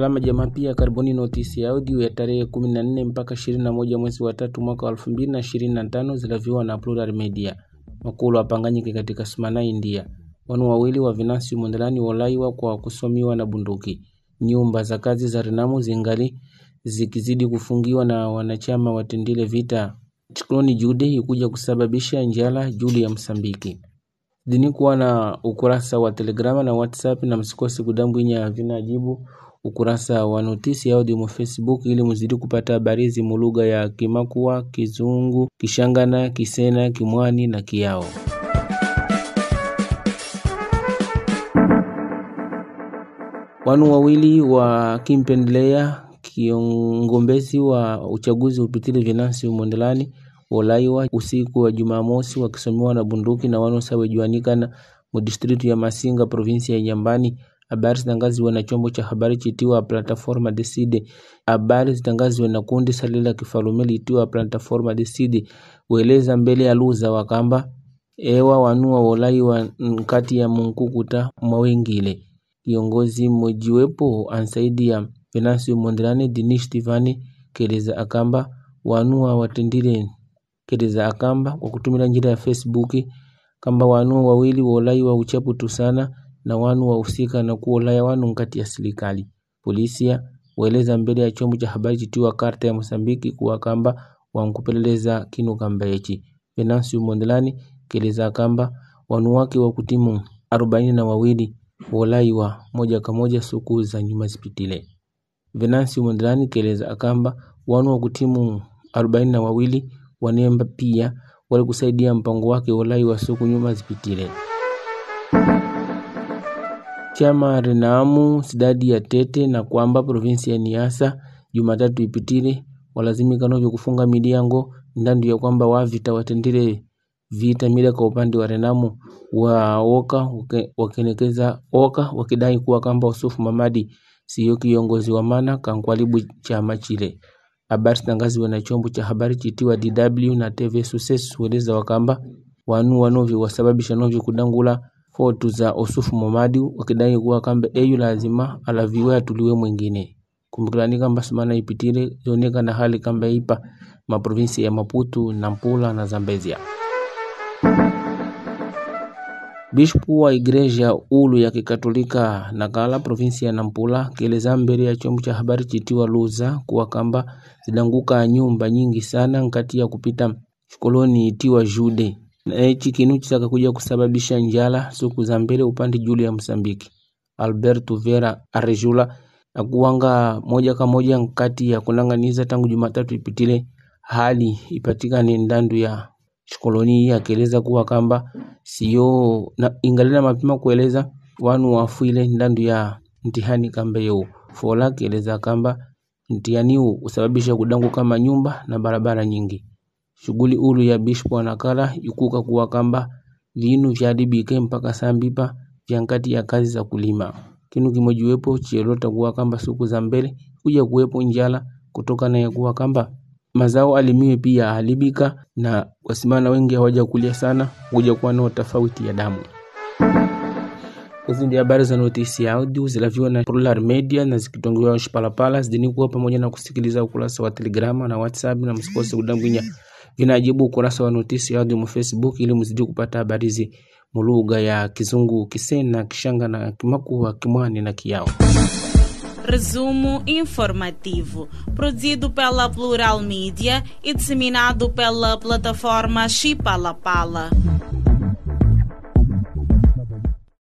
Salama Jamaa pia karibuni notisi ya audio ya tarehe 14 mpaka 21 mwezi wa tatu mwaka 2025 zilaviwa na Plural Media. Makulu apanganyike katika Smana, India. Wanu wawili wa vinasi mundelani walaiwa kwa kusomiwa na bunduki. Nyumba za kazi za Renamu zingali zikizidi kufungiwa na wanachama watendile vita. Chikloni Jude ikuja kusababisha njala juli ya Msambiki dini kuwa na ukurasa wa Telegrama na WhatsApp na msikose kudambwinya vinajibu ukurasa wa Notisi Audio Facebook ili muzidi kupata habari hizi mu lugha ya Kimakua, Kizungu, Kishangana, Kisena, Kimwani na Kiao. Wanu wawili wakimpendelea kiongombezi wa uchaguzi upitili Venansi Mondelani walaiwa usiku wa Jumamosi wakisomewa na bunduki na wanu sawejuanikana mudistritu ya Masinga provinsi ya Nyambani Habari zitangazwe na chombo cha habari chitiwa Plataforma Decide. Habari zitangazwe na kundi salila kifalume litiwa Plataforma Decide. Weleza mbele ya luza wakamba ewa wanua wolai wa nkati ya munkukuta mwawengile kiongozi mojiwepo ansaidi ya Venancio Mondlane Dinish Tivani keleza akamba wanua watendile keleza akamba kwa kutumila njira ya Facebook kamba wanua wawili wolai wa uchapu tusana na wanu wahusika na kuolaya wanu nkati ya silikali polisia weleza mbele ya chombo cha habari chitiwa karta ya Mosambiki kuwa kamba wankupeleleza kinu kamba yechi. Venancio Mondlane keleza kamba wanu wake wa kutimu arobaini na wawili wolaiwa moja kwa moja suku za nyuma zipitile. Venancio Mondlane keleza akamba wanu wa kutimu arobaini na wawili wanemba pia walikusaidia mpango wake wolaiwa suku nyuma zipitile chama Renamo sidadi ya Tete na kwamba provinsi ya niasa Jumatatu ipitire walazimikano vyo kufunga midyango ndandu ya kwamba wavita watendile vita mida kwa upande wa renamu wa oka wakenekeza oka wakidai kuwa kamba Usufu Mamadi siyo kiongozi wa mana kankwalibu chama chile. Habari zitangaziwe na chombo cha habari chitiwa DW na TV Success hueleza wakamba wanu wanovyo wasababisha novyo kudangula fotu za Osufu Momadi wakidai kuwa kambe eyu lazima alaviwe atuliwe mwengine, kumbukilani kamba semana ipitile na hali kamba ipa maprovinsi ya Maputu na Nampula na Zambezia Bishpu wa Igreja ulu ya Kikatolika nakala provinsi ya Nampula kieleza mbele ya chombo cha habari chitiwa Luza kuwa kamba zidanguka nyumba nyingi sana nkati ya kupita shikoloni itiwa Jude na hichi kinuchi akakuja kusababisha njala suku za mbele upande juli ya Msambiki. Alberto Vera Arejula akuwanga moja kwa moja nkati ya kunanganiza tangu Jumatatu ipitile hali ipatikane ndandu ya shikoloni, akieleza kuwa kamba sio na ingalina mapima kueleza wanu wafuile ndandu ya mtihani kamba yo fola, akieleza kamba mtihani usababisha kudangu kama nyumba na barabara nyingi. Shughuli ulu ya bispo anakala ikuka kamba linu vyadibike mpaka sambipa vya nkati ya kazi za kulima kinu kimojiwepo kuwa kamba suku za mbele kuja kuwepo njala kutoka na ya kamba mazao alimiwe pia alibika na wasimana wengi kulia sana kuja kuwa na tofauti ya damu. Hizi ndio habari za notisi ya audio zilaviwa na Plural Media na zikitongewa Shipalapala zidini kuwa pamoja na kusikiliza ukurasa wa Telegrama na WhatsApp na msikose kudambwinya ukurasa wa Notisi Facebook ili mzidi kupata habari hizi ya Kizungu, Kisena, Kishanga na Kimakua, Kimwani na Resumo informativo, produzido pela Plural Media e disseminado pela plataforma Chipalapala. Pala.